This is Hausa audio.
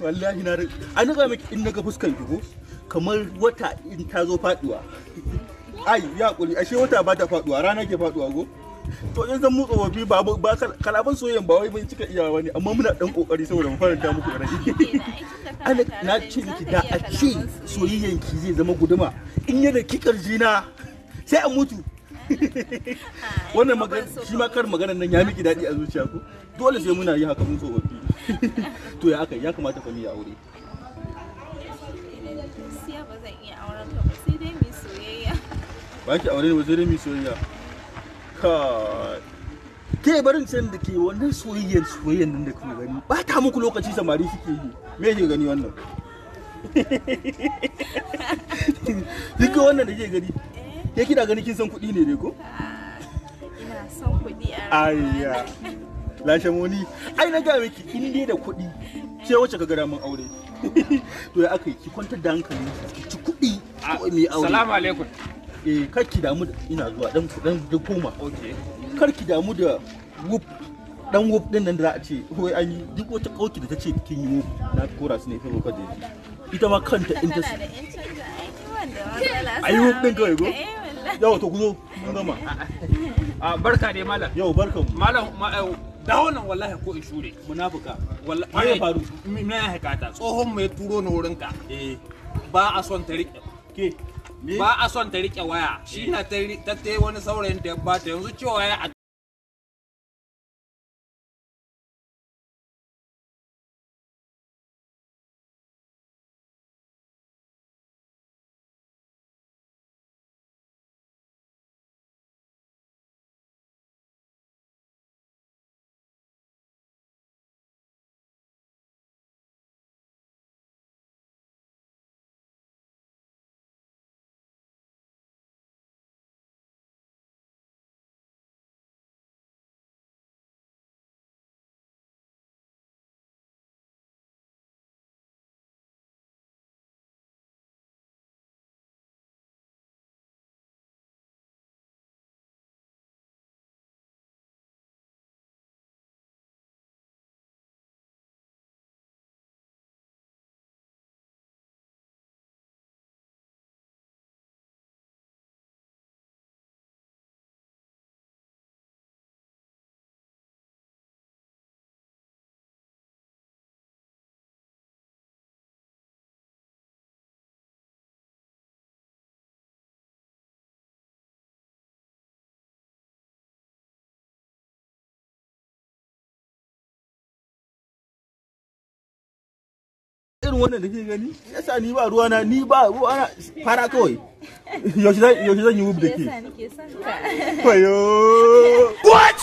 wallahi na a miki in naga fuskar ki ko kamar wata in ta zo faduwa ai ya kuli ashe wata ba ta faduwa rana ke faduwa go to in zan mutsa wabi ba ba kalaban soyayyen ba wai mun cika iyawa ne amma muna dan kokari saboda mu faranta muku rai ana na ci miki da a ci soyayyan ki zai zama guduma in ya da kikar jina sai a mutu wannan magana shi ma kar maganar nan ya miki daɗi a zuciya ko dole sai muna yi haka mun tsofaffi to ya aka ya kamata ku ya aure ba ki aure ba sai dai mai soyayya ka ke barin can da ke wannan soyayyar soyayyar nan da kuma gani ba ta muku lokaci samari suke yi me ke gani wannan duka wannan da ke gani eh? ke kina gani kin san kuɗi ne dai ko ah, ina son kuɗi a rayuwa lashe moni ai na ga miki in dai da kuɗi ke wacce ka gara mun aure to ya aka ki kwantar da hankali ki ci kuɗi ah, ko mai aure assalamu alaikum eh kar ki damu da ina zuwa dan dan da koma okay kar ki damu da wup dan wup din nan da za a ce wai an yi duk wata kauki da ta ce kin yi mu na kora su ne fa ka da ita ma kanta in ta ayi wup din kawai go eh, yau to ku zo mun gama ah, barka dai malam yau barka malam eh, da wannan wallahi ko in shure munafuka wallahi eh. me faru me ya hakata tsohon mai turo na wurin ka eh. ba a son ta rike ke ba a son ta rike waya shi eh. na ta ta wani saurayin da ba ta yanzu cewa ya irin wannan da ke gani yasa ni ba ruwana ni ba ruwana fara kawai yaushe zan yi wub da ke wayo what